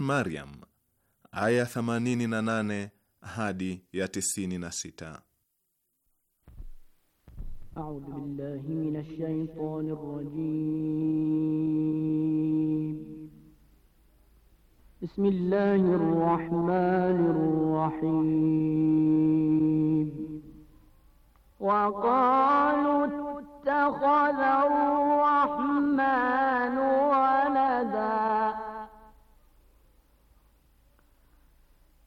Maryam aya 88 hadi ya 96. A'udhu billahi minash shaitanir Bismillahir rahmanir rahim. Wa qalu rahmanu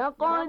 لقد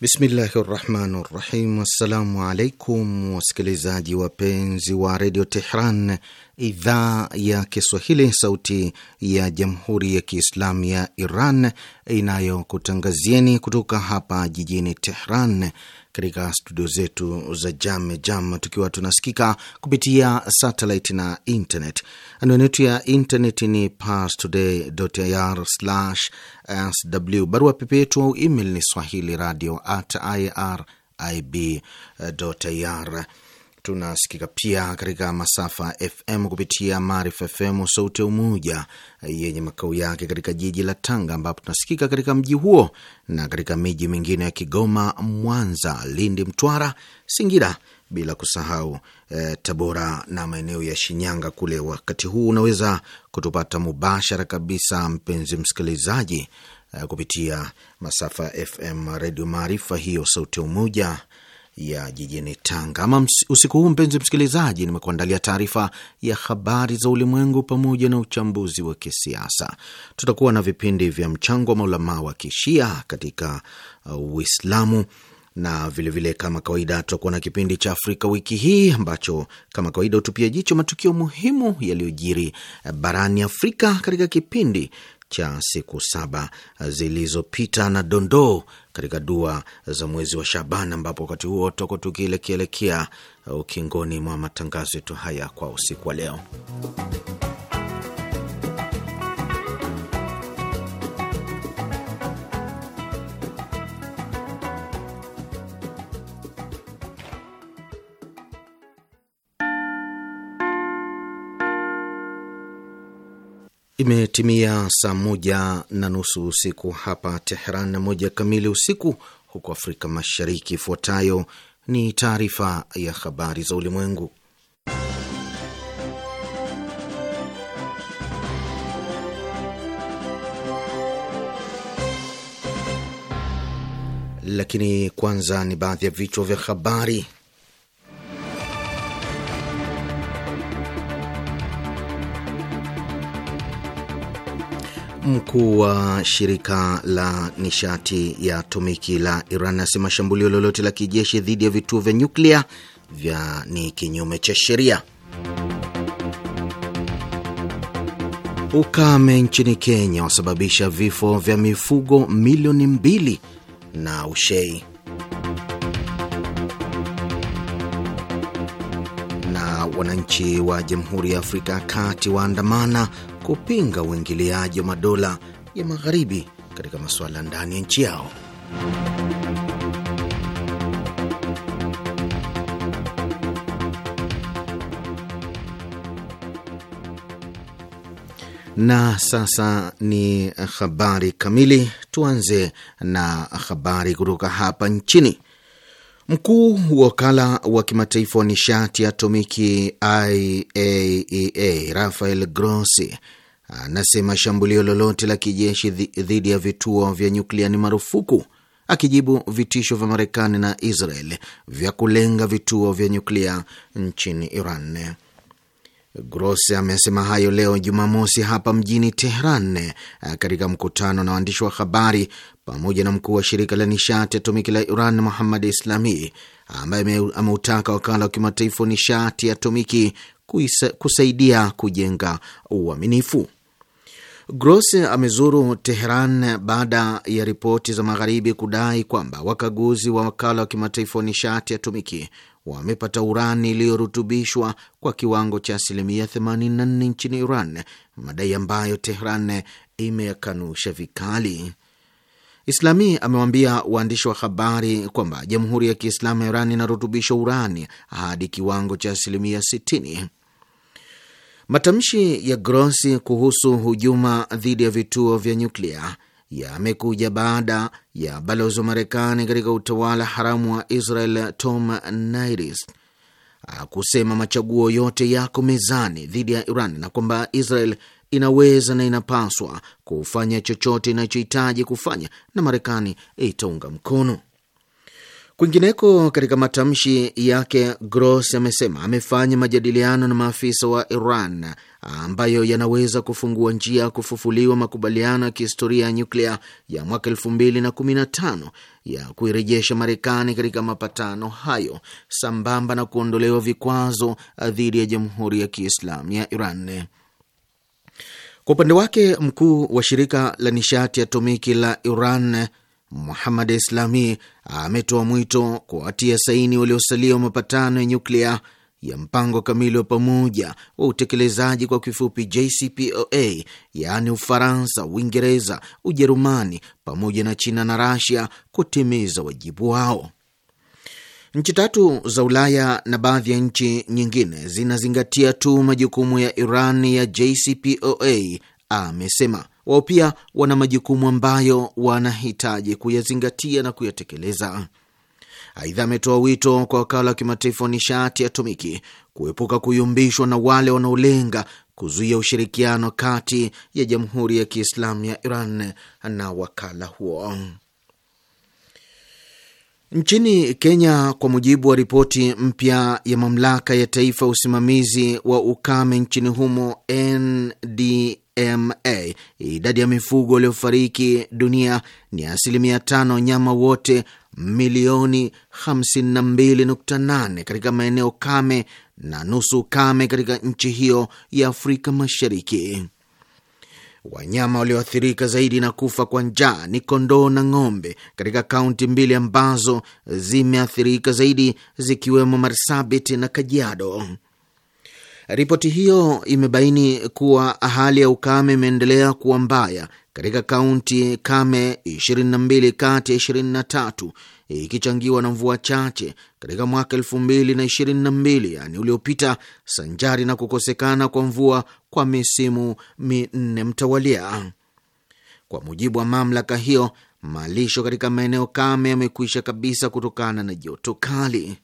Bismillahi rahmani rahim. Assalamu alaikum wasikilizaji wapenzi wa, wa redio Tehran, idhaa ya Kiswahili, sauti ya jamhuri ya Kiislamu ya Iran inayokutangazieni kutoka hapa jijini Tehran katika studio zetu za Jam Jam, tukiwa tunasikika kupitia satellite na internet. Anwani yetu ya internet ni parstoday.ir/sw. Barua pepe yetu au email ni swahili radio at irib.ir tunasikika pia katika masafa FM kupitia Maarifa FM Sauti ya Umoja yenye makao yake katika jiji la Tanga, ambapo tunasikika katika mji huo na katika miji mingine ya Kigoma, Mwanza, Lindi, Mtwara, Singida, bila kusahau eh, Tabora na maeneo ya Shinyanga kule. Wakati huu unaweza kutupata mubashara kabisa, mpenzi msikilizaji, eh, kupitia masafa FM Redio Maarifa, hiyo Sauti ya Umoja ya jijini Tanga. Ama usiku huu, mpenzi msikilizaji, nimekuandalia taarifa ya habari za ulimwengu pamoja na uchambuzi wa kisiasa. Tutakuwa na vipindi vya mchango wa maulamaa wa kishia katika uh, Uislamu, uh, na vilevile vile kama kawaida tutakuwa na kipindi cha Afrika wiki hii ambacho kama kawaida hutupia jicho matukio muhimu yaliyojiri uh, barani Afrika katika kipindi cha siku saba zilizopita na dondoo katika dua za mwezi wa Shaban, ambapo wakati huo toko tukielekielekea ukingoni mwa matangazo yetu haya kwa usiku wa leo. Imetimia saa moja na nusu usiku hapa Teheran na moja kamili usiku huko Afrika Mashariki. Ifuatayo ni taarifa ya habari za ulimwengu, lakini kwanza ni baadhi ya vichwa vya habari. Mkuu wa shirika la nishati ya atomiki la Iran anasema shambulio lolote la kijeshi dhidi ya vituo vya nyuklia vya ni kinyume cha sheria. Ukame nchini Kenya wasababisha vifo vya mifugo milioni mbili na ushei. Na wananchi wa Jamhuri ya Afrika ya Kati waandamana kupinga uingiliaji wa madola ya magharibi katika masuala ndani ya nchi yao. Na sasa ni habari kamili. Tuanze na habari kutoka hapa nchini. Mkuu wa wakala wa kimataifa wa nishati atomiki IAEA e Rafael Grossi anasema shambulio lolote la kijeshi dhidi ya vituo vya nyuklia ni marufuku, akijibu vitisho vya Marekani na Israel vya kulenga vituo vya nyuklia nchini Iran. gros amesema hayo leo Jumamosi hapa mjini Tehran katika mkutano na waandishi wa habari pamoja na mkuu wa shirika la nishati atomiki la Iran Muhammad Islami, ambaye ameutaka wakala wa kimataifa wa nishati atomiki kusaidia kujenga uaminifu. Gross amezuru Teheran baada ya ripoti za magharibi kudai kwamba wakaguzi wa wakala wa kimataifa wa nishati atumiki wamepata urani iliyorutubishwa kwa kiwango cha asilimia 84 nchini Iran, madai ambayo tehran imeyakanusha vikali. Islami amewaambia waandishi wa habari kwamba Jamhuri ya Kiislamu ya Iran inarutubisha urani hadi kiwango cha asilimia Matamshi ya Grossi kuhusu hujuma dhidi ya vituo vya nyuklia yamekuja baada ya balozi wa Marekani katika utawala haramu wa Israel Tom Nairis kusema machaguo yote yako mezani dhidi ya Iran na kwamba Israel inaweza na inapaswa kufanya chochote inachohitaji kufanya na Marekani itaunga mkono. Kwingineko, katika matamshi yake, Gross amesema amefanya majadiliano na maafisa wa Iran ambayo yanaweza kufungua njia ya kufufuliwa makubaliano ya kihistoria ya nyuklia ya mwaka elfu mbili na kumi na tano ya kuirejesha Marekani katika mapatano hayo sambamba na kuondolewa vikwazo dhidi ya Jamhuri ya Kiislamu ya Iran. Kwa upande wake, mkuu wa shirika la nishati atomiki la Iran Muhamad Islami ametoa mwito kuwatia saini waliosalia wa mapatano ya nyuklia ya mpango kamili wa pamoja wa utekelezaji, kwa kifupi JCPOA, yaani Ufaransa, Uingereza, Ujerumani pamoja na China na Rasia kutimiza wajibu wao. Nchi tatu za Ulaya na baadhi ya nchi nyingine zinazingatia tu majukumu ya Iran ya JCPOA, amesema wao pia wana majukumu ambayo wanahitaji kuyazingatia na kuyatekeleza. Aidha, ametoa wito kwa wakala wa kimataifa wa nishati ya atomiki kuepuka kuyumbishwa na wale wanaolenga kuzuia ushirikiano kati ya Jamhuri ya Kiislamu ya Iran na wakala huo. Nchini Kenya, kwa mujibu wa ripoti mpya ya mamlaka ya taifa usimamizi wa ukame nchini humo ND ma idadi ya mifugo waliofariki dunia ni asilimia tano wanyama wote milioni 52.8 katika maeneo kame na nusu kame katika nchi hiyo ya Afrika Mashariki. Wanyama walioathirika zaidi na kufa kwa njaa ni kondoo na ng'ombe katika kaunti mbili ambazo zimeathirika zaidi zikiwemo Marsabit na Kajiado. Ripoti hiyo imebaini kuwa hali ya ukame imeendelea kuwa mbaya katika kaunti kame 22 kati ya 23 ikichangiwa na mvua chache katika mwaka 2022 yani uliopita, sanjari na kukosekana kwa mvua kwa misimu minne mtawalia. Kwa mujibu wa mamlaka hiyo, malisho katika maeneo kame yamekwisha kabisa kutokana na joto kali.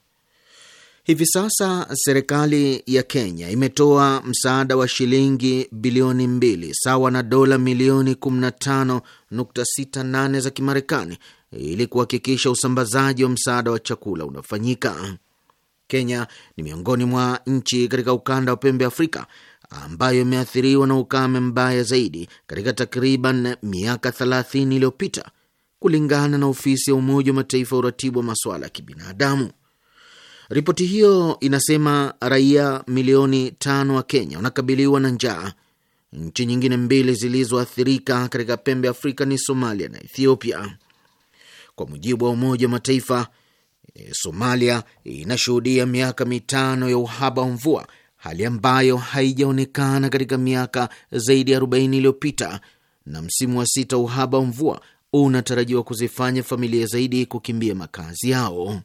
Hivi sasa serikali ya Kenya imetoa msaada wa shilingi bilioni mbili sawa na dola milioni 15.68 za Kimarekani ili kuhakikisha usambazaji wa msaada wa chakula unafanyika. Kenya ni miongoni mwa nchi katika ukanda wa pembe Afrika ambayo imeathiriwa na ukame mbaya zaidi katika takriban miaka 30 iliyopita, kulingana na ofisi ya Umoja wa Mataifa ya uratibu wa masuala ya kibinadamu. Ripoti hiyo inasema raia milioni tano wa Kenya wanakabiliwa na njaa. Nchi nyingine mbili zilizoathirika katika pembe Afrika ni Somalia na Ethiopia. Kwa mujibu wa Umoja wa Mataifa, eh, Somalia inashuhudia miaka mitano ya uhaba wa mvua, hali ambayo haijaonekana katika miaka zaidi ya 40 iliyopita, na msimu wa sita uhaba wa mvua unatarajiwa kuzifanya familia zaidi kukimbia makazi yao.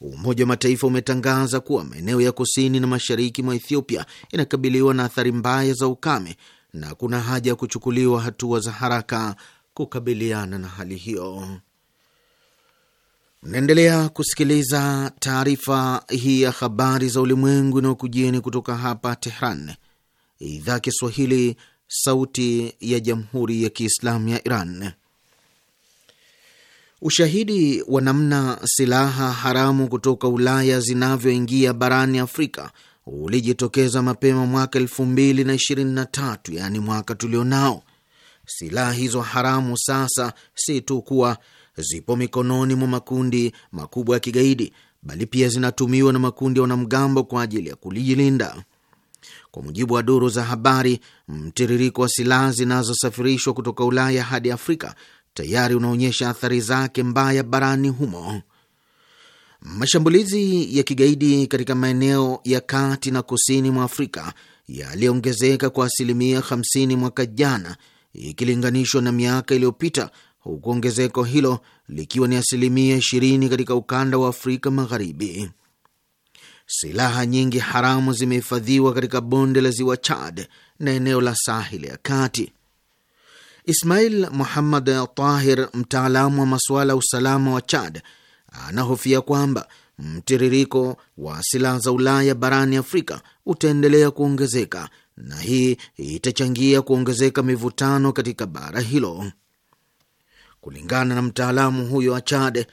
Umoja wa Mataifa umetangaza kuwa maeneo ya kusini na mashariki mwa Ethiopia inakabiliwa na athari mbaya za ukame na kuna haja ya kuchukuliwa hatua za haraka kukabiliana na hali hiyo. Mnaendelea kusikiliza taarifa hii ya habari za ulimwengu inayokujieni kutoka hapa Tehran, idhaa Kiswahili, sauti ya jamhuri ya kiislamu ya Iran. Ushahidi wa namna silaha haramu kutoka Ulaya zinavyoingia barani Afrika ulijitokeza mapema mwaka elfu mbili na ishirini na tatu, yaani mwaka tulionao. Silaha hizo haramu sasa si tu kuwa zipo mikononi mwa makundi makubwa ya kigaidi, bali pia zinatumiwa na makundi ya wanamgambo kwa ajili ya kulijilinda. Kwa mujibu wa duru za habari, mtiririko wa silaha zinazosafirishwa kutoka Ulaya hadi Afrika tayari unaonyesha athari zake mbaya barani humo. Mashambulizi ya kigaidi katika maeneo ya kati na kusini mwa Afrika yaliongezeka kwa asilimia 50 mwaka jana ikilinganishwa na miaka iliyopita, huku ongezeko hilo likiwa ni asilimia 20 katika ukanda wa Afrika Magharibi. Silaha nyingi haramu zimehifadhiwa katika bonde la ziwa Chad na eneo la Sahili ya Kati. Ismail Muhammad Tahir, mtaalamu wa masuala ya usalama wa Chad, anahofia kwamba mtiririko wa silaha za Ulaya barani Afrika utaendelea kuongezeka na hii itachangia kuongezeka mivutano katika bara hilo. Kulingana na mtaalamu huyo wa Chad,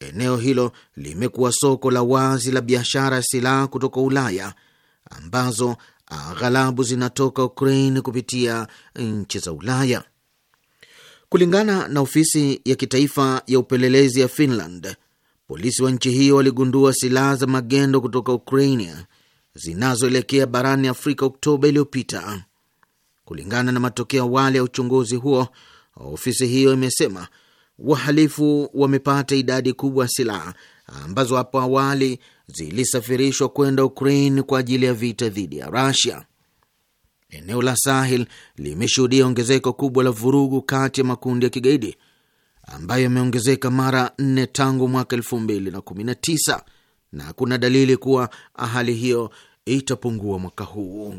eneo hilo limekuwa soko la wazi la biashara ya silaha kutoka Ulaya ambazo aghalabu zinatoka Ukraine kupitia nchi za Ulaya. Kulingana na ofisi ya kitaifa ya upelelezi ya Finland, polisi wa nchi hiyo waligundua silaha za magendo kutoka Ukrainia zinazoelekea barani Afrika Oktoba iliyopita. Kulingana na matokeo awali ya uchunguzi huo, ofisi hiyo imesema wahalifu wamepata idadi kubwa ya silaha ambazo hapo awali zilisafirishwa kwenda Ukraine kwa ajili ya vita dhidi ya Rusia eneo la Sahel limeshuhudia ongezeko kubwa la vurugu kati ya makundi ya kigaidi ambayo yameongezeka mara nne tangu mwaka elfu mbili na kumi na tisa na hakuna dalili kuwa hali hiyo itapungua mwaka huu.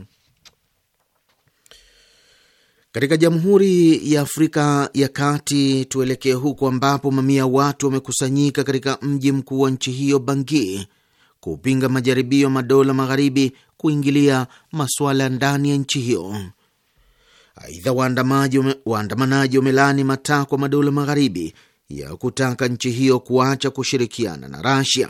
Katika Jamhuri ya Afrika ya Kati, tuelekee huko ambapo mamia watu wamekusanyika katika mji mkuu wa nchi hiyo Bangui kupinga majaribio madola magharibi kuingilia masuala ndani ya nchi hiyo. Aidha, waandamanaji wamelaani matakwa madola magharibi ya kutaka nchi hiyo kuacha kushirikiana na Rasia.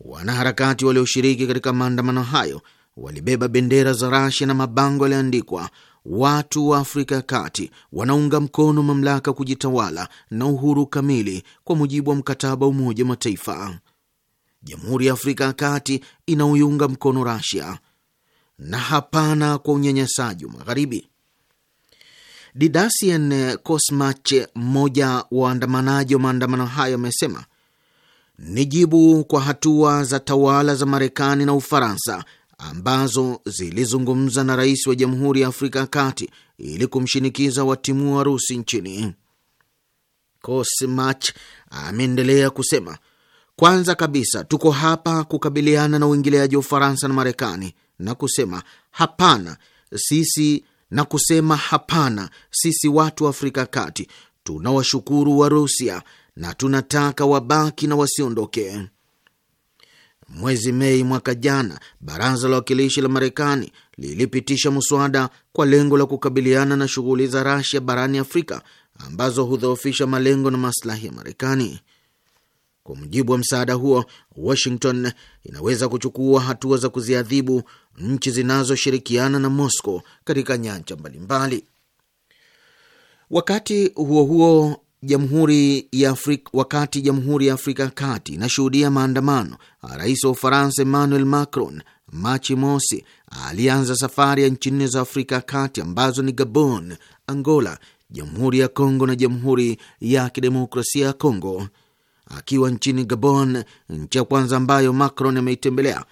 Wanaharakati walioshiriki katika maandamano hayo walibeba bendera za Rasia na mabango yaliyoandikwa watu wa Afrika ya Kati wanaunga mkono mamlaka kujitawala na uhuru kamili kwa mujibu wa mkataba wa Umoja wa Mataifa. Jamhuri ya Afrika ya Kati inaoiunga mkono Rasia na hapana kwa unyanyasaji wa Magharibi. Didasien Kosmach, mmoja wa waandamanaji wa maandamano hayo, amesema ni jibu kwa hatua za tawala za Marekani na Ufaransa ambazo zilizungumza na rais wa Jamhuri ya Afrika ya Kati ili kumshinikiza watimua rusi nchini. Kosmach ameendelea kusema kwanza kabisa tuko hapa kukabiliana na uingiliaji wa Ufaransa na Marekani na kusema hapana sisi na kusema hapana sisi watu wa Afrika Kati tunawashukuru Warusia na tunataka wabaki na wasiondoke. Mwezi Mei mwaka jana, baraza la wakilishi la Marekani lilipitisha mswada kwa lengo la kukabiliana na shughuli za Rasia barani Afrika ambazo hudhoofisha malengo na maslahi ya Marekani. Kwa mujibu wa msaada huo, Washington inaweza kuchukua hatua za kuziadhibu nchi zinazoshirikiana na Moscow katika nyanja mbalimbali. Wakati huo huo Jamhuri ya Afrika, wakati Jamhuri ya Afrika ya Kati inashuhudia maandamano, rais wa Ufaransa Emmanuel Macron Machi mosi alianza safari ya nchi nne za Afrika ya Kati ambazo ni Gabon, Angola, Jamhuri ya Kongo na Jamhuri ya Kidemokrasia ya Kongo akiwa nchini Gabon, nchi ya kwanza ambayo Macron ameitembelea,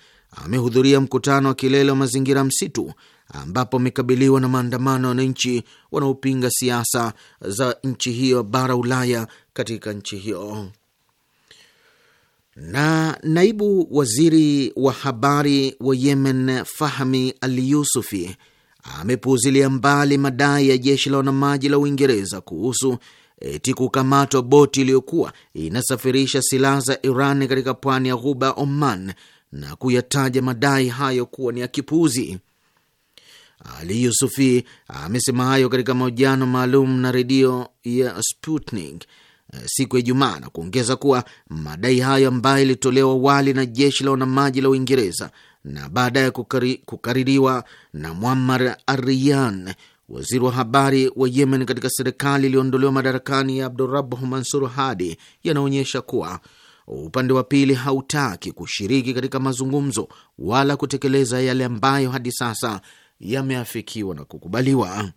amehudhuria mkutano wa kilele wa mazingira msitu, ambapo amekabiliwa na maandamano ya wananchi wanaopinga siasa za nchi hiyo bara Ulaya katika nchi hiyo. Na naibu waziri wa habari wa Yemen Fahmi Al Yusufi amepuuzilia mbali madai ya jeshi la wanamaji la Uingereza kuhusu eti kukamatwa boti iliyokuwa inasafirisha silaha za Iran katika pwani ya ghuba ya Oman na kuyataja madai hayo kuwa ni ya kipuuzi. Ali Yusufi amesema hayo katika mahojiano maalum na redio ya Sputnik eh, siku ya Ijumaa na kuongeza kuwa madai hayo ambayo ilitolewa wali na jeshi la wanamaji la Uingereza na baadaye kukaririwa na Muammar Aryan Waziri wa habari wa Yemen katika serikali iliyoondolewa madarakani ya Abdurabu Mansur Hadi yanaonyesha kuwa upande wa pili hautaki kushiriki katika mazungumzo wala kutekeleza yale ambayo hadi sasa yameafikiwa na kukubaliwa.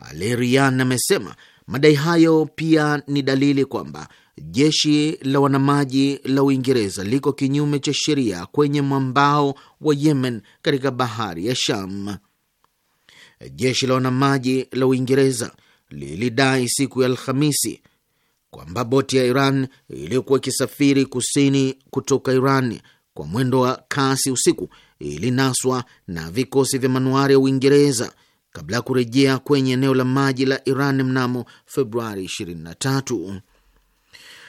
Alerian Rian amesema madai hayo pia ni dalili kwamba jeshi la wanamaji la Uingereza liko kinyume cha sheria kwenye mwambao wa Yemen katika bahari ya Sham jeshi la wanamaji la Uingereza lilidai siku ya Alhamisi kwamba boti ya Iran iliyokuwa ikisafiri kusini kutoka Iran kwa mwendo wa kasi usiku ilinaswa na vikosi vya manuari ya Uingereza kabla ya kurejea kwenye eneo la maji la Iran mnamo Februari 23.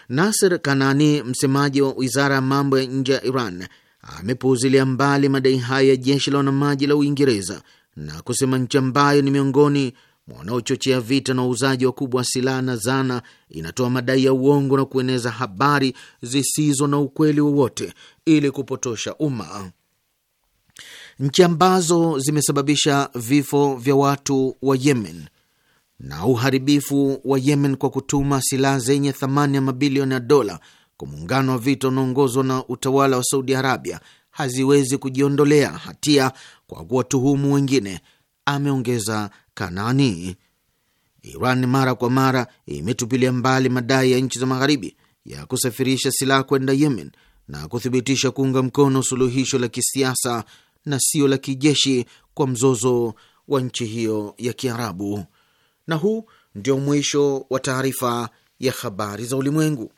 Nasser Kanani, msemaji wa wizara ya mambo ya nje ya Iran, amepuuzilia mbali madai hayo ya jeshi la wanamaji la Uingereza na kusema nchi ambayo ni miongoni mwa wanaochochea vita na wauzaji wakubwa wa silaha na zana inatoa madai ya uongo na kueneza habari zisizo na ukweli wowote ili kupotosha umma. Nchi ambazo zimesababisha vifo vya watu wa Yemen na uharibifu wa Yemen kwa kutuma silaha zenye thamani ya mabilioni ya dola kwa muungano wa vita unaoongozwa na utawala wa Saudi Arabia haziwezi kujiondolea hatia kwa kuwatuhumu wengine, ameongeza Kanani. Iran mara kwa mara imetupilia mbali madai ya nchi za Magharibi ya kusafirisha silaha kwenda Yemen na kuthibitisha kuunga mkono suluhisho la kisiasa na sio la kijeshi kwa mzozo wa nchi hiyo ya Kiarabu. Na huu ndio mwisho wa taarifa ya habari za ulimwengu.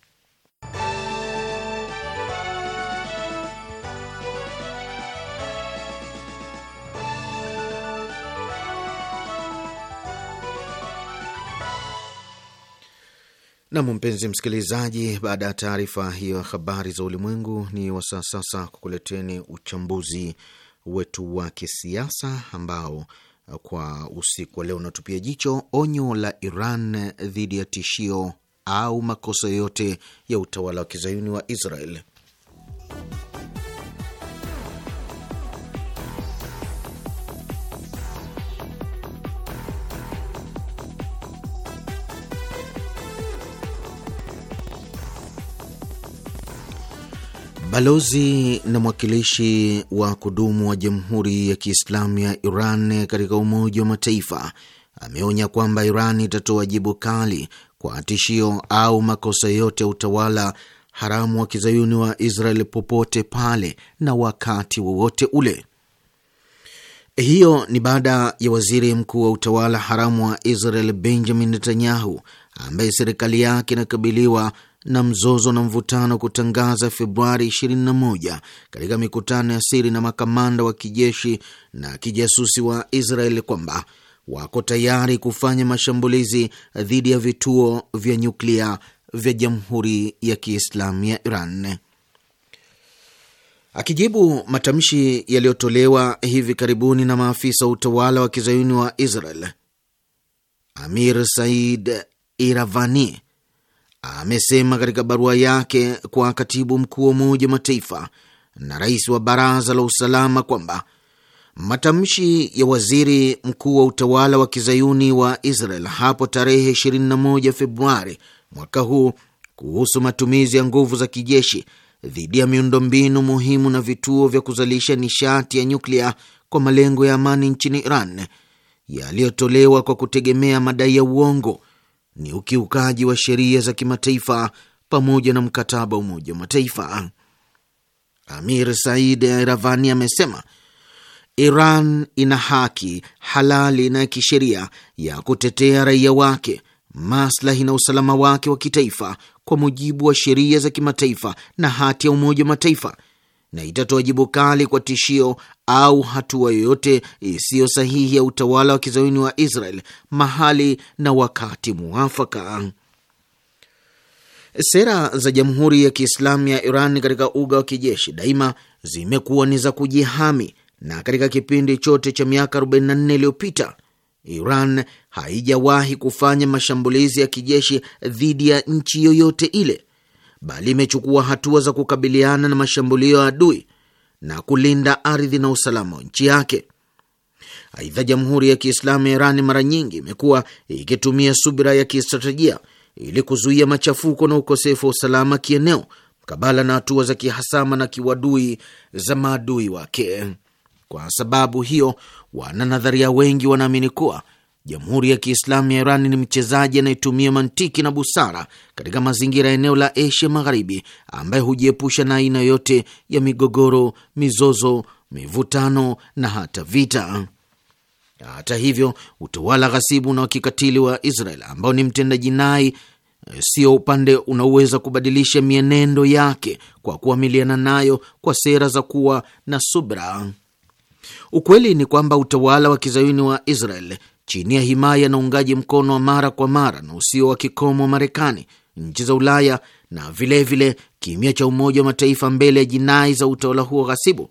Nam, mpenzi msikilizaji, baada ya taarifa hiyo ya habari za ulimwengu, ni wasaa sasa kukuleteni uchambuzi wetu wa kisiasa ambao kwa usiku wa leo unatupia jicho onyo la Iran dhidi ya tishio au makosa yote ya utawala wa kizayuni wa Israel. Balozi na mwakilishi wa kudumu wa Jamhuri ya Kiislamu ya Iran katika Umoja wa Mataifa ameonya kwamba Iran itatoa jibu kali kwa tishio au makosa yote ya utawala haramu wa kizayuni wa Israel popote pale na wakati wowote ule. Hiyo ni baada ya waziri mkuu wa utawala haramu wa Israel Benjamin Netanyahu, ambaye serikali yake inakabiliwa na mzozo na mvutano kutangaza Februari 21 katika mikutano ya siri na makamanda wa kijeshi na kijasusi wa Israeli kwamba wako tayari kufanya mashambulizi dhidi ya vituo vya nyuklia vya Jamhuri ya Kiislamu ya Iran. Akijibu matamshi yaliyotolewa hivi karibuni na maafisa wa utawala wa kizayuni wa Israel, Amir Said Iravani amesema katika barua yake kwa katibu mkuu wa Umoja wa Mataifa na rais wa Baraza la Usalama kwamba matamshi ya waziri mkuu wa utawala wa kizayuni wa Israel hapo tarehe 21 Februari mwaka huu kuhusu matumizi ya nguvu za kijeshi dhidi ya miundombinu muhimu na vituo vya kuzalisha nishati ya nyuklia kwa malengo ya amani nchini Iran yaliyotolewa kwa kutegemea madai ya uongo ni ukiukaji wa sheria za kimataifa pamoja na mkataba wa Umoja wa Mataifa. Amir Said Iravani amesema Iran ina haki halali na ya kisheria ya kutetea raia wake, maslahi na usalama wake wa kitaifa kwa mujibu wa sheria za kimataifa na hati ya Umoja wa Mataifa, na itatoa jibu kali kwa tishio au hatua yoyote isiyo sahihi ya utawala wa kizayuni wa Israel mahali na wakati muafaka. Sera za Jamhuri ya Kiislamu ya Iran katika uga wa kijeshi daima zimekuwa ni za kujihami, na katika kipindi chote cha miaka 44 iliyopita Iran haijawahi kufanya mashambulizi ya kijeshi dhidi ya nchi yoyote ile, bali imechukua hatua za kukabiliana na mashambulio ya adui na kulinda ardhi na usalama wa nchi yake. Aidha, Jamhuri ya Kiislamu ya Irani mara nyingi imekuwa ikitumia subira ya kistratejia ili kuzuia machafuko na ukosefu wa usalama kieneo, mkabala na hatua za kihasama na kiwadui za maadui wake. Kwa sababu hiyo, wananadharia wengi wanaamini kuwa Jamhuri ya Kiislamu ya Iran ni mchezaji anayetumia mantiki na busara katika mazingira ya eneo la Asia Magharibi, ambaye hujiepusha na aina yote ya migogoro, mizozo, mivutano na hata vita. Hata hivyo, utawala ghasibu na wa kikatili wa Israel ambao ni mtenda jinai eh, sio upande unaoweza kubadilisha mienendo yake kwa kuamiliana nayo kwa sera za kuwa na subra. Ukweli ni kwamba utawala wa kizayuni wa Israel chini ya himaya na uungaji mkono wa mara kwa mara na usio wa kikomo wa Marekani, nchi za Ulaya na vilevile kimya cha Umoja wa Mataifa mbele ya jinai za utawala huo ghasibu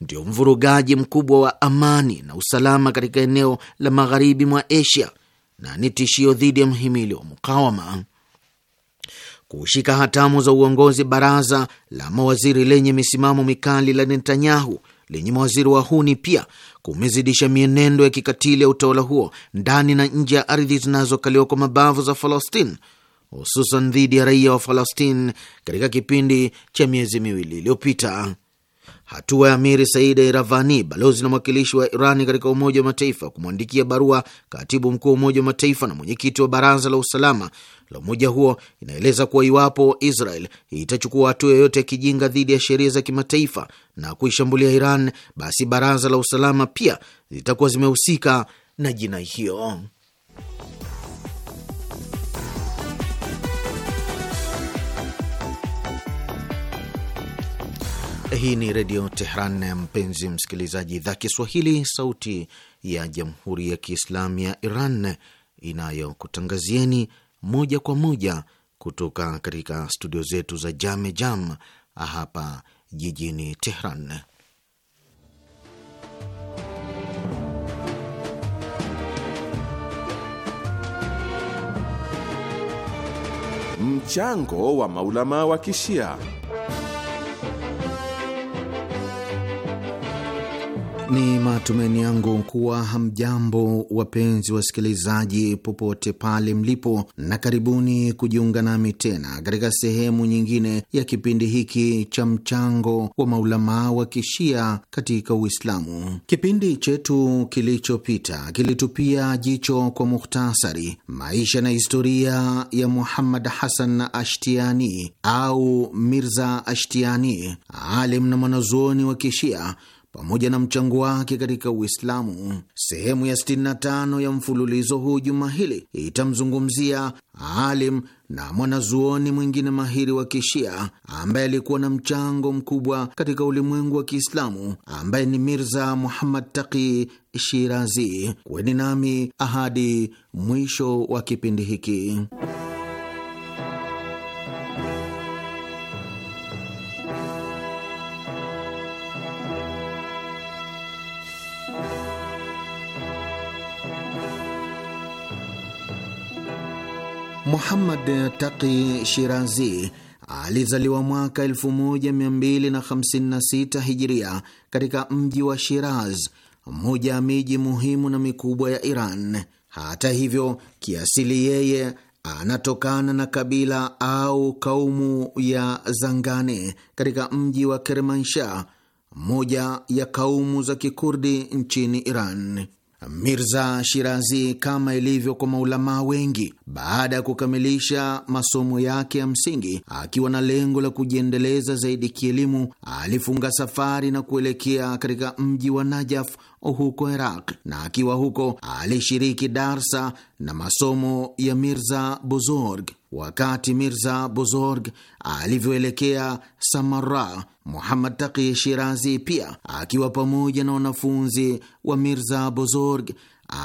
ndio mvurugaji mkubwa wa amani na usalama katika eneo la magharibi mwa Asia na ni tishio dhidi ya mhimili wa mukawama. Kushika hatamu za uongozi baraza la mawaziri lenye misimamo mikali la Netanyahu lenye mawaziri wa huni pia kumezidisha mienendo ya kikatili ya utawala huo ndani na nje ya ardhi zinazokaliwa kwa mabavu za Falastin, hususan dhidi ya raia wa Falastin katika kipindi cha miezi miwili iliyopita. Hatua ya Amiri Said Iravani, balozi na mwakilishi wa Irani katika Umoja wa Mataifa, kumwandikia barua katibu mkuu wa Umoja wa Mataifa na mwenyekiti wa Baraza la Usalama la umoja huo inaeleza kuwa iwapo Israel itachukua hatua yoyote ya kijinga dhidi ya sheria za kimataifa na kuishambulia Iran, basi baraza la usalama pia zitakuwa zimehusika na jinai hiyo. Hii ni Redio Tehran, mpenzi msikilizaji, idhaa Kiswahili, sauti ya Jamhuri ya Kiislamu ya Iran inayokutangazieni moja kwa moja kutoka katika studio zetu za Jame Jam hapa jijini Tehran. Mchango wa maulama wa Kishia. Ni matumaini yangu kuwa hamjambo, wapenzi wasikilizaji, popote pale mlipo, na karibuni kujiunga nami tena katika sehemu nyingine ya kipindi hiki cha mchango wa maulamaa wa kishia katika Uislamu. Kipindi chetu kilichopita kilitupia jicho kwa mukhtasari maisha na historia ya Muhammad Hasan Ashtiani au Mirza Ashtiani, alim na mwanazuoni wa kishia pamoja na mchango wake katika Uislamu. Sehemu ya 65 ya mfululizo huu juma hili itamzungumzia alim na mwanazuoni mwingine mahiri wa Kishia ambaye alikuwa na mchango mkubwa katika ulimwengu wa Kiislamu, ambaye ni Mirza Muhammad Taqi Shirazi. Kweni nami ahadi mwisho wa kipindi hiki. Muhammad Taqi Shirazi alizaliwa mwaka 1256 Hijria katika mji wa Shiraz, moja ya miji muhimu na mikubwa ya Iran. Hata hivyo, kiasili yeye anatokana na kabila au kaumu ya Zangane katika mji wa Kermanshah, moja ya kaumu za Kikurdi nchini Iran. Mirza Shirazi, kama ilivyo kwa maulamaa wengi, baada ya kukamilisha masomo yake ya msingi akiwa na lengo la kujiendeleza zaidi kielimu, alifunga safari na kuelekea katika mji wa Najaf huko Iraq, na akiwa huko alishiriki darsa na masomo ya Mirza Bozorg. Wakati Mirza Bozorg alivyoelekea Samara Muhammad Taqi Shirazi pia akiwa pamoja na wanafunzi wa Mirza Bozorg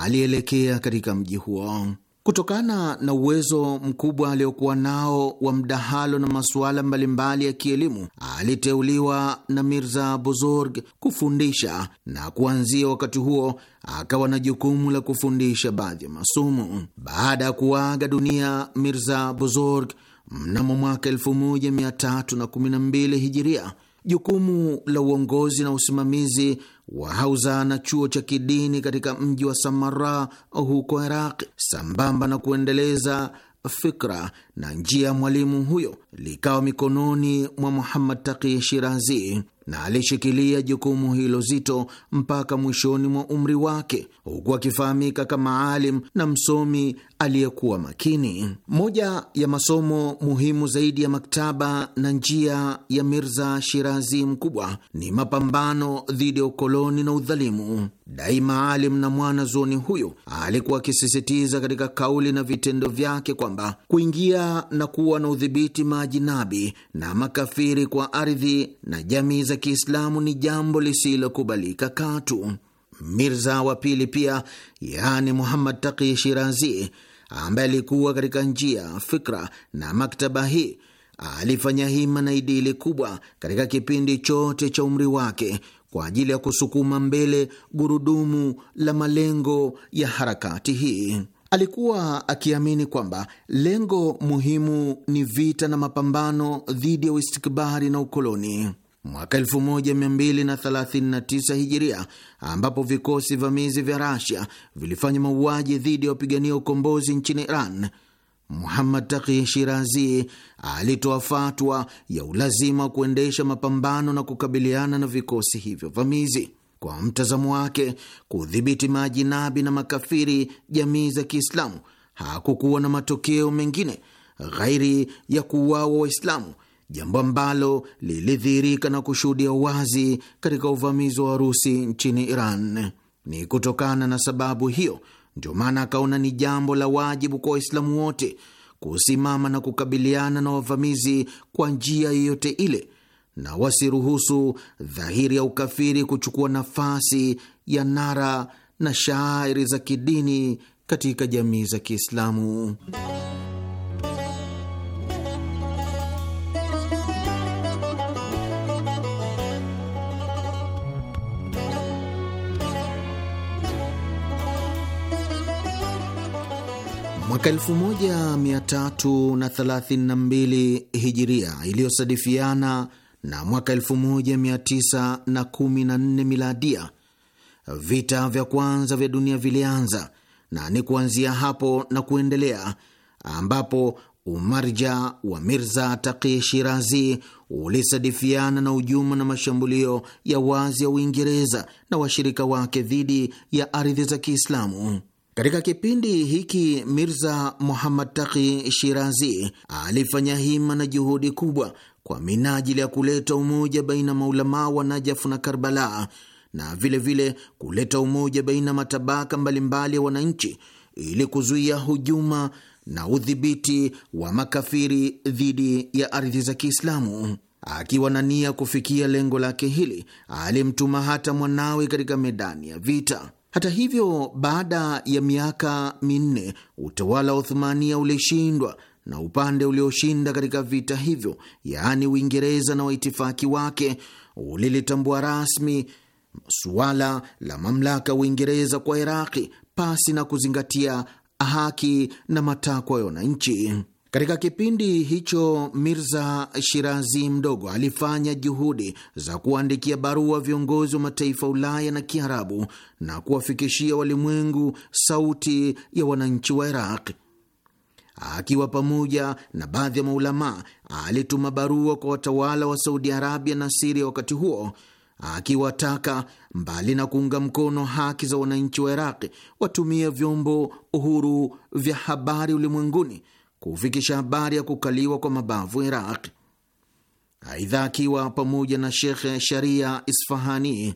alielekea katika mji huo. Kutokana na uwezo mkubwa aliokuwa nao wa mdahalo na masuala mbalimbali ya kielimu, aliteuliwa na Mirza Bozorg kufundisha, na kuanzia wakati huo akawa na jukumu la kufundisha baadhi ya masomo. Baada ya kuaga dunia Mirza Bozorg mnamo mwaka 1312 hijiria Jukumu la uongozi na usimamizi wa hauza na chuo cha kidini katika mji wa Samara huko Iraq, sambamba na kuendeleza fikra na njia ya mwalimu huyo, likawa mikononi mwa Muhammad Taqi Shirazi, na alishikilia jukumu hilo zito mpaka mwishoni mwa umri wake, huku akifahamika kama alim na msomi aliyekuwa makini. Moja ya masomo muhimu zaidi ya maktaba na njia ya Mirza Shirazi mkubwa ni mapambano dhidi ya ukoloni na udhalimu. Daima alim na mwana zuoni huyo alikuwa akisisitiza katika kauli na vitendo vyake kwamba kuingia na kuwa na udhibiti maajinabi na makafiri kwa ardhi na jamii za Kiislamu ni jambo lisilokubalika katu. Mirza wa pili pia, yani Muhammad Taqi Shirazi ambaye alikuwa katika njia, fikra na maktaba hii alifanya hima na idili kubwa katika kipindi chote cha umri wake kwa ajili ya kusukuma mbele gurudumu la malengo ya harakati hii. Alikuwa akiamini kwamba lengo muhimu ni vita na mapambano dhidi ya uistikbari na ukoloni mwaka 1239 hijiria ambapo vikosi vamizi vya Rasia vilifanya mauaji dhidi ya wapigania ukombozi nchini Iran, Muhammad taki Shirazi alitoa fatwa ya ulazima wa kuendesha mapambano na kukabiliana na vikosi hivyo vamizi. Kwa mtazamo wake, kudhibiti nabi na makafiri jamii za Kiislamu hakukuwa na matokeo mengine ghairi ya kuuawa Waislamu jambo ambalo lilidhihirika na kushuhudia wazi katika uvamizi wa Warusi nchini Iran. Ni kutokana na sababu hiyo ndio maana akaona ni jambo la wajibu kwa Waislamu wote kusimama na kukabiliana na wavamizi kwa njia yoyote ile, na wasiruhusu dhahiri ya ukafiri kuchukua nafasi ya nara na shaari za kidini katika jamii za Kiislamu. Miaka 1332 hijiria iliyosadifiana na mwaka 1914 miladia, vita vya kwanza vya dunia vilianza, na ni kuanzia hapo na kuendelea ambapo umarja wa Mirza Taki Shirazi ulisadifiana na ujuma na mashambulio ya wazi ya Uingereza na washirika wake dhidi ya ardhi za Kiislamu. Katika kipindi hiki Mirza Muhammad Taki Shirazi alifanya hima na juhudi kubwa kwa minajili ya kuleta umoja baina maulamaa wa Najafu na Karbala na vilevile vile kuleta umoja baina matabaka mbalimbali ya wananchi ili kuzuia hujuma na udhibiti wa makafiri dhidi ya ardhi za Kiislamu. Akiwa na nia kufikia lengo lake hili, alimtuma hata mwanawe katika medani ya vita. Hata hivyo, baada ya miaka minne utawala wa Uthmania ulishindwa na upande ulioshinda katika vita hivyo, yaani Uingereza na waitifaki wake, ulilitambua rasmi suala la mamlaka ya Uingereza kwa Iraqi pasi na kuzingatia haki na matakwa ya wananchi. Katika kipindi hicho Mirza Shirazi mdogo alifanya juhudi za kuandikia barua viongozi wa mataifa Ulaya na Kiarabu na kuwafikishia walimwengu sauti ya wananchi wa Iraq. Akiwa pamoja na baadhi ya maulamaa, alituma barua kwa watawala wa Saudi Arabia na Siria wakati huo akiwataka mbali na kuunga mkono haki za wananchi wa Iraqi watumie vyombo uhuru vya habari ulimwenguni kufikisha habari ya kukaliwa kwa mabavu Iraq. Aidha, akiwa pamoja na Shekhe Sharia Isfahani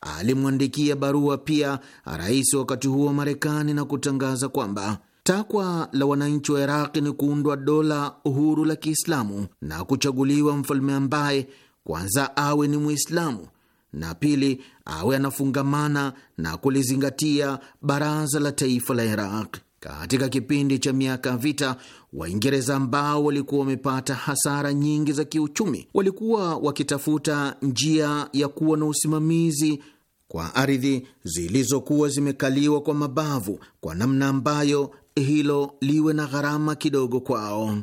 alimwandikia barua pia rais wakati huo wa Marekani na kutangaza kwamba takwa la wananchi wa Iraqi ni kuundwa dola uhuru la Kiislamu na kuchaguliwa mfalme ambaye kwanza awe ni Mwislamu na pili awe anafungamana na kulizingatia baraza la taifa la Iraq. Katika kipindi cha miaka ya vita, Waingereza ambao walikuwa wamepata hasara nyingi za kiuchumi, walikuwa wakitafuta njia ya kuwa na usimamizi kwa ardhi zilizokuwa zimekaliwa kwa mabavu kwa namna ambayo hilo liwe na gharama kidogo kwao.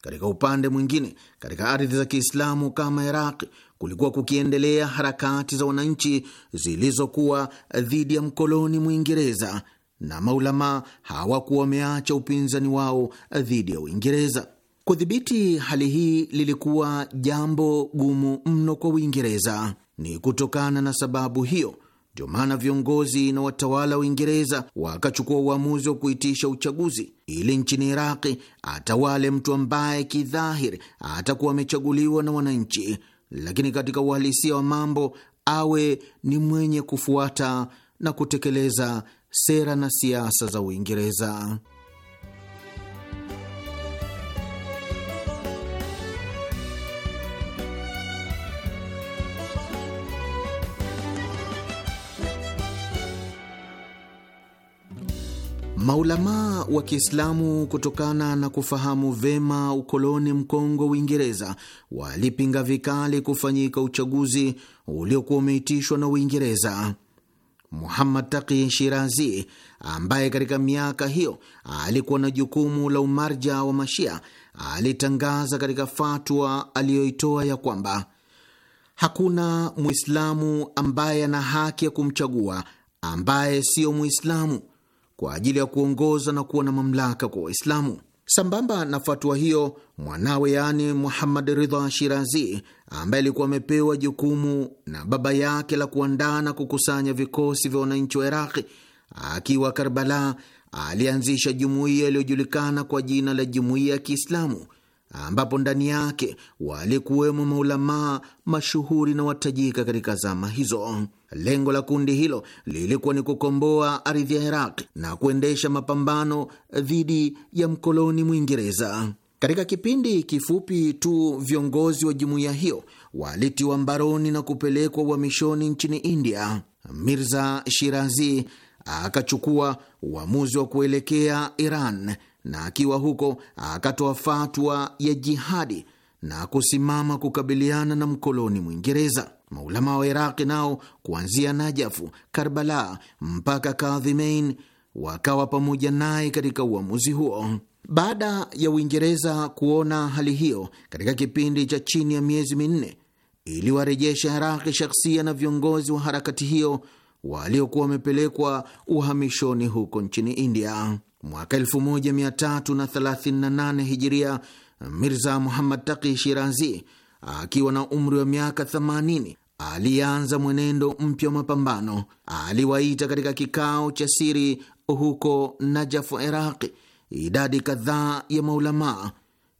Katika upande mwingine, katika ardhi za Kiislamu kama Iraqi kulikuwa kukiendelea harakati za wananchi zilizokuwa dhidi ya mkoloni Mwingereza na maulamaa hawakuwa wameacha upinzani wao dhidi ya Uingereza. Kudhibiti hali hii lilikuwa jambo gumu mno kwa Uingereza. Ni kutokana na sababu hiyo ndio maana viongozi na watawala wa Uingereza wakachukua uamuzi wa kuitisha uchaguzi ili nchini Iraqi atawale mtu ambaye kidhahiri atakuwa amechaguliwa na wananchi, lakini katika uhalisia wa mambo awe ni mwenye kufuata na kutekeleza sera na siasa za Uingereza. Maulamaa wa Kiislamu kutokana na kufahamu vema ukoloni mkongwe Uingereza walipinga vikali kufanyika uchaguzi uliokuwa umeitishwa na Uingereza. Muhammad Taqi Shirazi, ambaye katika miaka hiyo alikuwa na jukumu la umarja wa Mashia, alitangaza katika fatwa aliyoitoa ya kwamba hakuna Mwislamu ambaye ana haki ya kumchagua ambaye siyo Mwislamu kwa ajili ya kuongoza na kuwa na mamlaka kwa Waislamu. Sambamba na fatwa hiyo, mwanawe yaani Muhammad Ridha Shirazi, ambaye alikuwa amepewa jukumu na baba yake la kuandaa na kukusanya vikosi vya wananchi wa Iraqi, akiwa Karbala, alianzisha jumuiya iliyojulikana kwa jina la Jumuiya ya Kiislamu, ambapo ndani yake walikuwemo maulamaa mashuhuri na watajika katika zama hizo. Lengo la kundi hilo lilikuwa ni kukomboa ardhi ya Iraq na kuendesha mapambano dhidi ya mkoloni Mwingereza. Katika kipindi kifupi tu viongozi wa jumuiya hiyo walitiwa mbaroni na kupelekwa uhamishoni nchini India. Mirza Shirazi akachukua uamuzi wa kuelekea Iran, na akiwa huko akatoa fatwa ya jihadi na kusimama kukabiliana na mkoloni Mwingereza. Maulama wa Iraqi nao kuanzia Najafu, Karbala mpaka Kadhimain wakawa pamoja naye katika uamuzi huo. Baada ya Uingereza kuona hali hiyo, katika kipindi cha chini ya miezi minne iliwarejesha Iraqi shakhsia na viongozi wa harakati hiyo waliokuwa wamepelekwa uhamishoni huko nchini India. Mwaka 1338 Hijiria, Mirza Muhammad Taki Shirazi akiwa na umri wa miaka 80 alianza mwenendo mpya wa mapambano. Aliwaita katika kikao cha siri huko Najafu, Iraqi, idadi kadhaa ya maulamaa,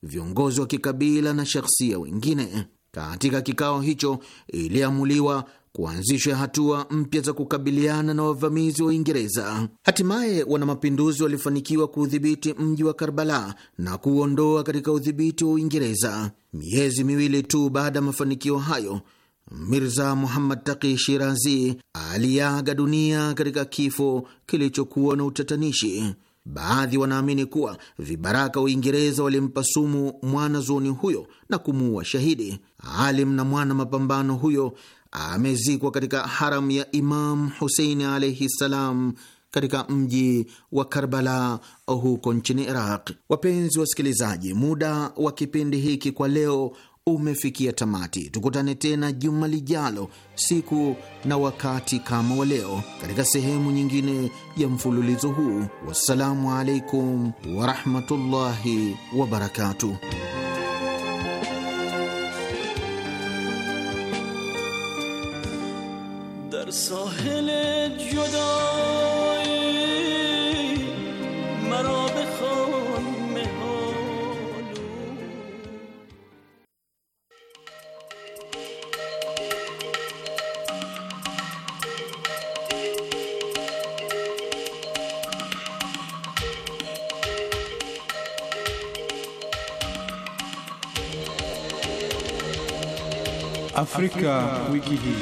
viongozi wa kikabila na shakhsia wengine. Katika kikao hicho iliamuliwa kuanzishwa hatua mpya za kukabiliana na wavamizi wa Uingereza. Hatimaye wanamapinduzi walifanikiwa kuudhibiti mji wa Karbala na kuuondoa katika udhibiti wa Uingereza. Miezi miwili tu baada ya mafanikio hayo Mirza Muhammad Taki Shirazi aliaga dunia katika kifo kilichokuwa na utatanishi. Baadhi wanaamini kuwa vibaraka wa Uingereza walimpa sumu mwana zuoni huyo na kumuua shahidi. Alim na mwana mapambano huyo amezikwa katika haram ya Imam Huseini alaihi ssalam katika mji wa Karbala huko nchini Iraq. Wapenzi wasikilizaji, muda wa kipindi hiki kwa leo umefikia tamati. Tukutane tena juma lijalo, siku na wakati kama wa leo, katika sehemu nyingine ya mfululizo huu. Wassalamu alaikum warahmatullahi wabarakatuh. Afrika wiki hii.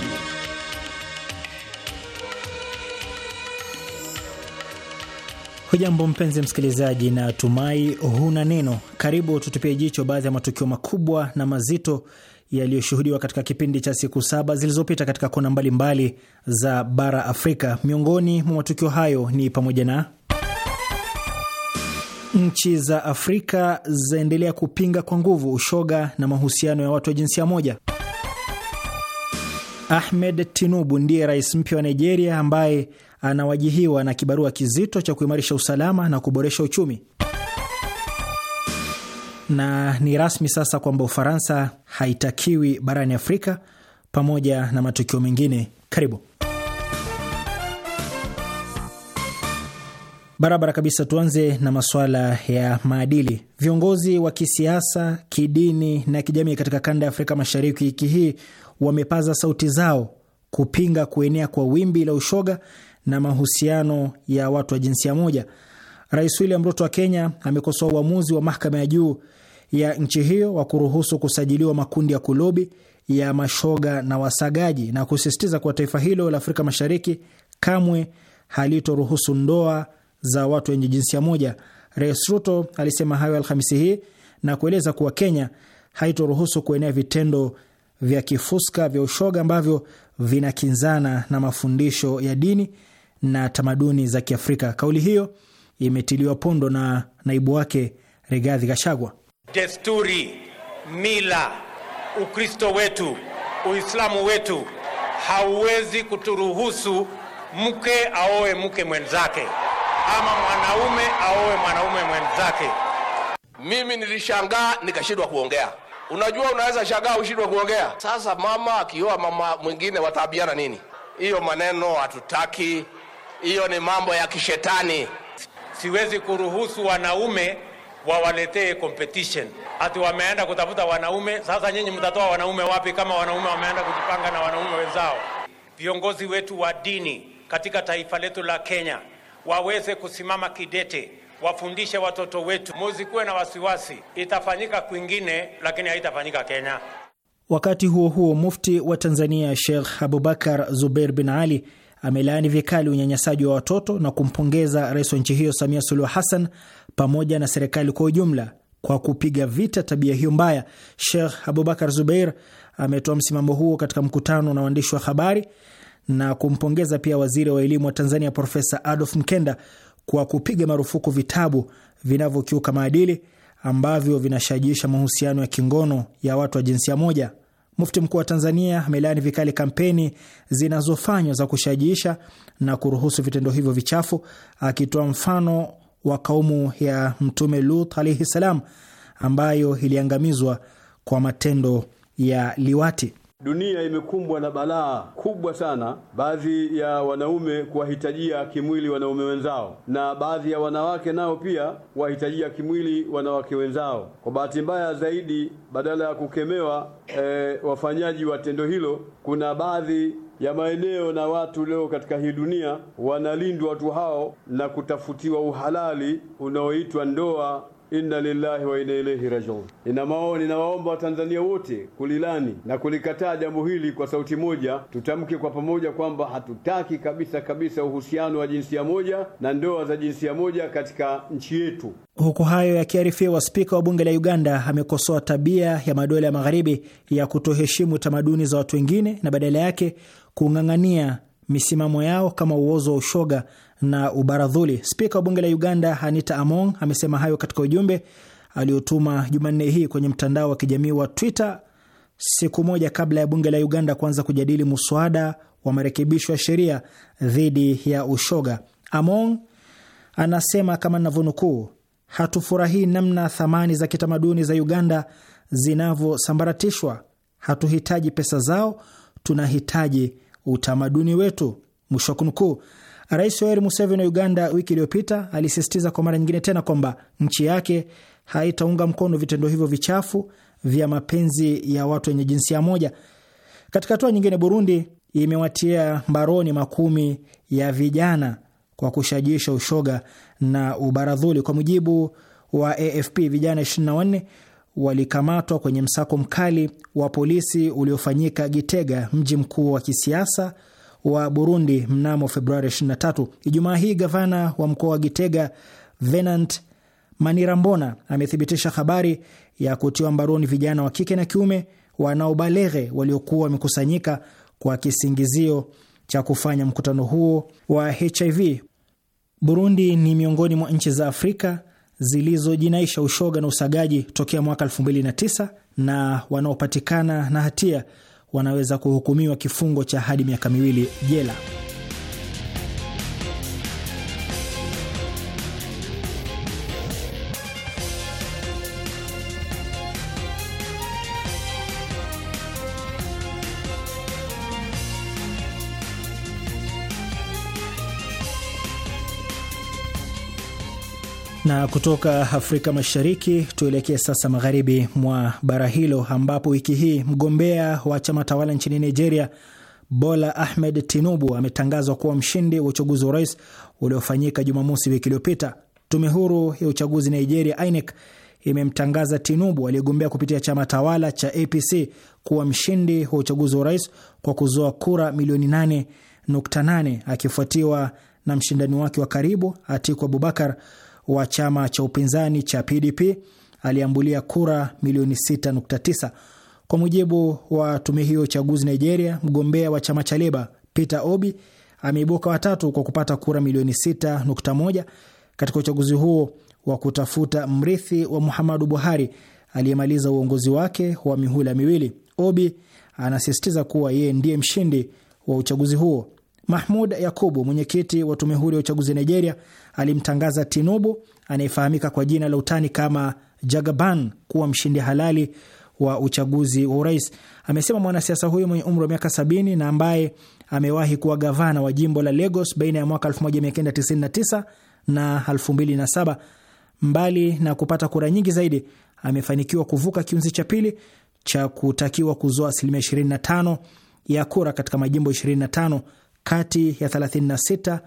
Hujambo mpenzi msikilizaji, na tumai huna neno. Karibu tutupie jicho baadhi ya matukio makubwa na mazito yaliyoshuhudiwa katika kipindi cha siku saba zilizopita katika kona mbalimbali za bara Afrika. Miongoni mwa matukio hayo ni pamoja na nchi za Afrika zaendelea kupinga kwa nguvu ushoga na mahusiano ya watu wa jinsia moja. Ahmed Tinubu ndiye rais mpya wa Nigeria ambaye anawajihiwa na kibarua kizito cha kuimarisha usalama na kuboresha uchumi. Na ni rasmi sasa kwamba Ufaransa haitakiwi barani Afrika pamoja na matukio mengine. Karibu. Barabara kabisa. Tuanze na masuala ya maadili. Viongozi wa kisiasa, kidini na kijamii katika kanda ya Afrika Mashariki wiki hii wamepaza sauti zao kupinga kuenea kwa wimbi la ushoga na mahusiano ya watu wa jinsia moja. Rais William Ruto wa Kenya amekosoa uamuzi wa mahakama ya juu ya nchi hiyo wa kuruhusu kusajiliwa makundi ya kulobi ya mashoga na wasagaji na kusisitiza kuwa taifa hilo la Afrika Mashariki kamwe halitoruhusu ndoa za watu wenye jinsia moja. Rais Ruto alisema hayo Alhamisi hii na kueleza kuwa Kenya haitoruhusu kuenea vitendo vya kifuska vya ushoga ambavyo vinakinzana na mafundisho ya dini na tamaduni za Kiafrika. Kauli hiyo imetiliwa pondo na naibu wake Rigathi Gachagua. Desturi, mila, Ukristo wetu, Uislamu wetu hauwezi kuturuhusu mke aoe mke mwenzake ama mwanaume aoe mwanaume mwenzake. Mimi nilishangaa nikashindwa kuongea Unajua, unaweza shagaa ushindwe kuongea. Sasa mama akioa mama mwingine wataabiana nini? Hiyo maneno hatutaki, hiyo ni mambo ya kishetani. Siwezi kuruhusu wanaume wawaletee competition ati wameenda kutafuta wanaume. Sasa nyinyi mtatoa wanaume wapi kama wanaume wameenda kujipanga na wanaume wenzao? Viongozi wetu wa dini katika taifa letu la Kenya waweze kusimama kidete wafundishe watoto wetu, muzikuwe na wasiwasi, itafanyika kwingine, lakini haitafanyika Kenya. Wakati huo huo, mufti wa Tanzania Sheikh Abubakar Zubeir bin Ali amelaani vikali unyanyasaji wa watoto na kumpongeza rais wa nchi hiyo Samia Suluhu Hassan pamoja na serikali kwa ujumla kwa kupiga vita tabia hiyo mbaya. Sheikh Abubakar Zubeir ametoa msimamo huo katika mkutano na waandishi wa habari na kumpongeza pia waziri wa elimu wa Tanzania Profesa Adolf Mkenda kwa kupiga marufuku vitabu vinavyokiuka maadili ambavyo vinashajiisha mahusiano ya kingono ya watu wa jinsia moja. Mufti mkuu wa Tanzania amelaani vikali kampeni zinazofanywa za kushajiisha na kuruhusu vitendo hivyo vichafu, akitoa mfano wa kaumu ya Mtume Lut alaihi salam ambayo iliangamizwa kwa matendo ya liwati. Dunia imekumbwa na balaa kubwa sana, baadhi ya wanaume kuwahitajia kimwili wanaume wenzao, na baadhi ya wanawake nao pia kuwahitajia kimwili wanawake wenzao. Kwa bahati mbaya zaidi, badala ya kukemewa e, wafanyaji wa tendo hilo, kuna baadhi ya maeneo na watu leo katika hii dunia wanalindwa watu hao na kutafutiwa uhalali unaoitwa ndoa inna lillahi wa inna ilaihi rajiun. Nina maoni, ninawaomba Watanzania wote kulilani na kulikataa jambo hili kwa sauti moja. Tutamke kwa pamoja kwamba hatutaki kabisa kabisa uhusiano wa jinsia moja na ndoa za jinsia moja katika nchi yetu. Huku hayo yakiarifiwa, spika wa bunge la Uganda amekosoa tabia ya madola ya magharibi ya kutoheshimu tamaduni za watu wengine na badala yake kung'ang'ania misimamo yao kama uozo wa ushoga na ubaradhuli. Spika wa bunge la Uganda Anita Among amesema hayo katika ujumbe aliotuma Jumanne hii kwenye mtandao wa kijamii wa Twitter siku moja kabla ya bunge la Uganda kuanza kujadili muswada wa marekebisho ya sheria dhidi ya ushoga. Among anasema kama navyonukuu, hatufurahii namna thamani za kitamaduni za Uganda zinavyosambaratishwa. Hatuhitaji pesa zao, tunahitaji utamaduni wetu, mwisho wa kunukuu. Rais Yoweri Museveni wa Uganda wiki iliyopita alisisitiza kwa mara nyingine tena kwamba nchi yake haitaunga mkono vitendo hivyo vichafu vya mapenzi ya watu wenye jinsia moja. Katika hatua nyingine, Burundi imewatia mbaroni makumi ya vijana kwa kushajiisha ushoga na ubaradhuli. Kwa mujibu wa AFP, vijana 24 walikamatwa kwenye msako mkali wa polisi uliofanyika Gitega, mji mkuu wa kisiasa wa Burundi mnamo Februari 23. Ijumaa hii gavana wa mkoa wa Gitega Venant Manirambona amethibitisha habari ya kutiwa mbaroni vijana wa kike na kiume wanaobalere waliokuwa wamekusanyika kwa kisingizio cha kufanya mkutano huo wa HIV. Burundi ni miongoni mwa nchi za Afrika zilizojinaisha ushoga na usagaji tokea mwaka 2009 na wanaopatikana na hatia wanaweza kuhukumiwa kifungo cha hadi miaka miwili jela. Na kutoka Afrika Mashariki tuelekee sasa magharibi mwa bara hilo, ambapo wiki hii mgombea wa chama tawala nchini Nigeria, Bola Ahmed Tinubu, ametangazwa kuwa mshindi wa uchaguzi wa rais uliofanyika Jumamosi wiki iliyopita. Tume huru ya uchaguzi Nigeria, INEC, imemtangaza Tinubu aliyegombea kupitia chama tawala cha APC kuwa mshindi wa uchaguzi wa rais kwa kuzoa kura milioni 8.8 akifuatiwa na mshindani wake wa karibu Atiku Abubakar wa chama cha upinzani cha PDP aliambulia kura milioni 6.9. Kwa mujibu wa tume hiyo uchaguzi Nigeria, mgombea wa chama cha Leba Peter Obi ameibuka watatu kwa kupata kura milioni 6.1 katika uchaguzi huo wa kutafuta mrithi wa Muhammadu Buhari aliyemaliza uongozi wake wa mihula miwili. Obi anasisitiza kuwa yeye ndiye mshindi wa uchaguzi huo. Mahmud Yakubu, mwenyekiti wa tume huru ya uchaguzi Nigeria, alimtangaza Tinubu anayefahamika kwa jina la utani kama Jagaban kuwa mshindi halali wa uchaguzi wa urais. Amesema mwanasiasa huyo mwenye umri wa miaka 70 na ambaye amewahi kuwa gavana wa jimbo la Lagos baina ya mwaka 1999 na 2007, mbali na kupata kura nyingi zaidi, amefanikiwa kuvuka kiunzi cha pili cha kutakiwa kuzoa asilimia 25 ya kura katika majimbo 25 kati ya 36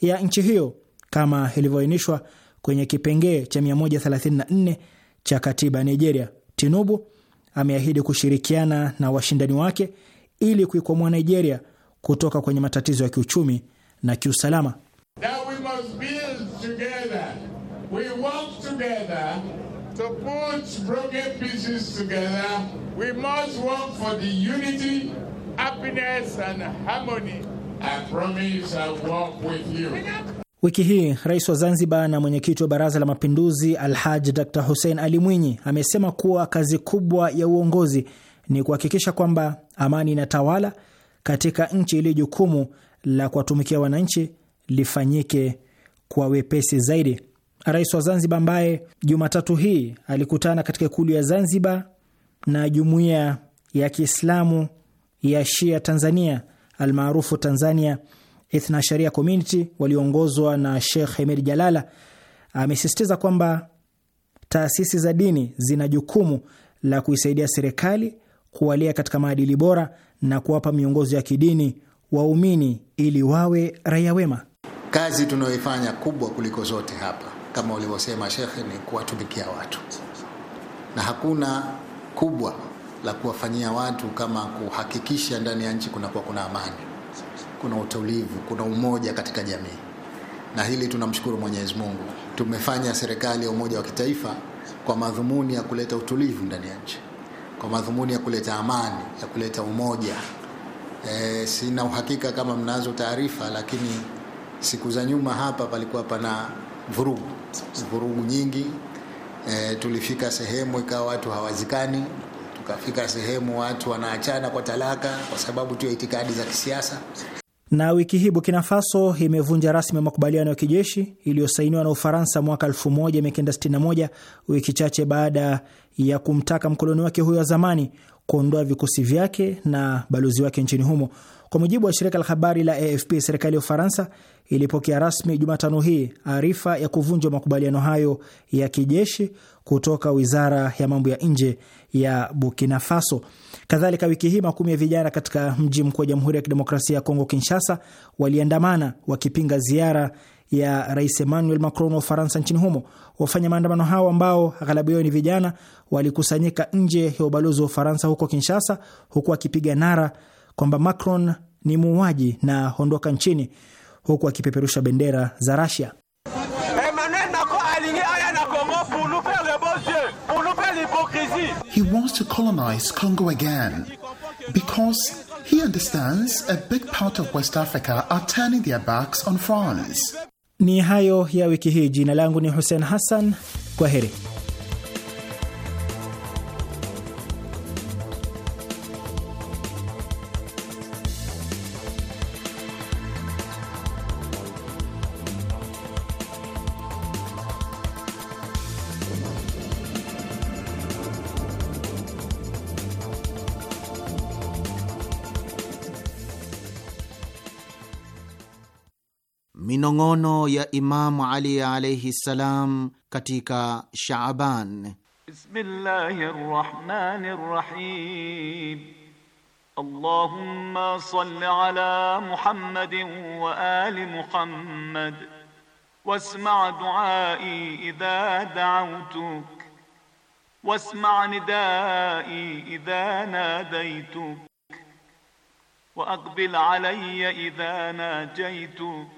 ya nchi hiyo kama ilivyoainishwa kwenye kipengee cha 134 cha katiba ya Nigeria. Tinubu ameahidi kushirikiana na washindani wake ili kuikwamua Nigeria kutoka kwenye matatizo ya kiuchumi na kiusalama. We must Wiki hii rais wa Zanzibar na mwenyekiti wa baraza la mapinduzi Alhaji Dr Hussein Ali Mwinyi amesema kuwa kazi kubwa ya uongozi ni kuhakikisha kwamba amani inatawala katika nchi ili jukumu la kuwatumikia wananchi lifanyike kwa wepesi zaidi. Rais wa Zanzibar ambaye Jumatatu hii alikutana katika ikulu ya Zanzibar na jumuiya ya Kiislamu ya Shia Tanzania almaarufu Tanzania Ithna Sharia Community walioongozwa na Sheikh Hemed Jalala, amesisitiza kwamba taasisi za dini zina jukumu la kuisaidia serikali kuwalia katika maadili bora na kuwapa miongozo ya kidini waumini ili wawe raia wema. Kazi tunayoifanya kubwa kuliko zote hapa, kama ulivyosema Shekhe, ni kuwatumikia watu, na hakuna kubwa la kuwafanyia watu kama kuhakikisha ndani ya nchi kunakuwa kuna amani, kuna utulivu, kuna umoja katika jamii, na hili tunamshukuru Mwenyezi Mungu. Tumefanya serikali ya umoja wa kitaifa kwa madhumuni ya kuleta utulivu ndani ya nchi, kwa madhumuni ya kuleta amani, ya kuleta umoja. E, sina uhakika kama mnazo taarifa, lakini siku za nyuma hapa palikuwa pana vurugu vurugu nyingi. E, tulifika sehemu ikawa watu hawazikani. Tukafika sehemu watu wanaachana kwa talaka kwa sababu tu ya itikadi za kisiasa. Na wiki hii Burkina Faso imevunja rasmi makubaliano ya kijeshi iliyosainiwa na Ufaransa mwaka 1961 wiki chache baada ya kumtaka mkoloni wake huyo wa zamani kuondoa vikosi vyake na balozi wake nchini humo. Kwa mujibu wa shirika la habari la AFP, serikali ya Ufaransa ilipokea rasmi Jumatano hii arifa ya kuvunjwa makubaliano hayo ya kijeshi kutoka wizara ya mambo ya nje ya Burkina Faso. Kadhalika, wiki hii makumi ya vijana katika mji mkuu wa Jamhuri ya Kidemokrasia ya Kongo, Kinshasa, waliandamana wakipinga ziara ya Rais Emmanuel Macron wa Ufaransa nchini humo. Wafanya maandamano hao ambao aghalabu yao ni vijana walikusanyika nje ya ubalozi wa Ufaransa huko Kinshasa, huku wakipiga nara kwamba Macron ni muuaji na ondoka nchini, huku akipeperusha bendera za Rasia. he wants to colonize Congo again because he understands a big part of West Africa are turning their backs on France. Ni hayo ya wiki hii. Jina langu ni Hussein Hassan. Kwa heri. minong'ono ya Imamu Ali alaihi ssalam katika Shaaban. Bismillahi rahmani rahim. Allahumma salli ala Muhammadin wa ali Muhammad wasma duai idha dautuk wasma nidai idha nadaituk wa aqbil alayya idha najaituk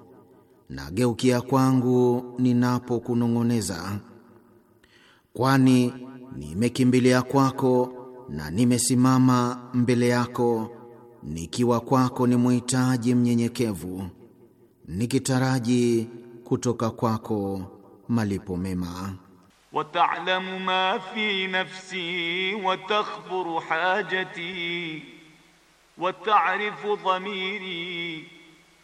na geukia kwangu ninapokunong'oneza, kwani nimekimbilia kwako na nimesimama mbele yako nikiwa kwako ni mwhitaji mnyenyekevu, nikitaraji kutoka kwako malipo mema. wataalamu ma fi nafsi wa takhburu hajati wa ta'rifu dhamiri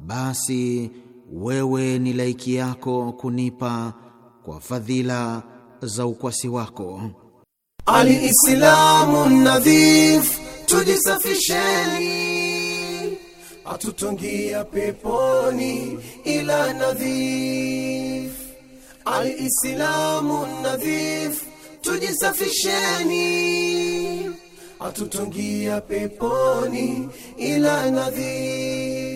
basi wewe ni laiki yako kunipa kwa fadhila za ukwasi wako. Alislamu nadhif, tujisafisheni, atutongia peponi ila nadhif. Alislamu nadhif, tujisafisheni, atutongia peponi ila nadhif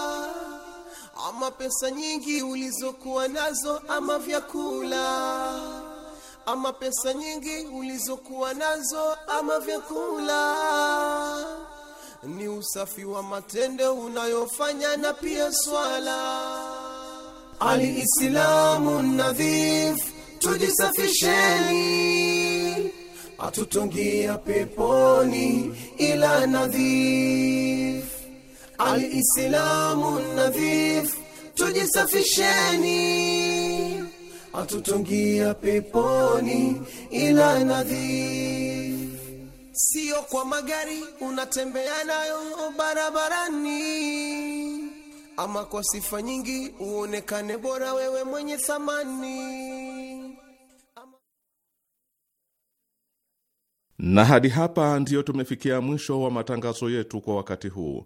pesa nyingi ulizokuwa nazo ama vyakula ama pesa nyingi ulizokuwa nazo ama vyakula, ni usafi wa matendo unayofanya na pia swala. Aliislamu nadhif, tujisafisheni, atutungia peponi ila nadhif. Aliislamu nadhif tujisafisheni, atutungia peponi ila nadhi Sio kwa magari unatembea nayo barabarani, ama kwa sifa nyingi uonekane bora, wewe mwenye thamani. Na hadi hapa ndiyo tumefikia mwisho wa matangazo yetu kwa wakati huu.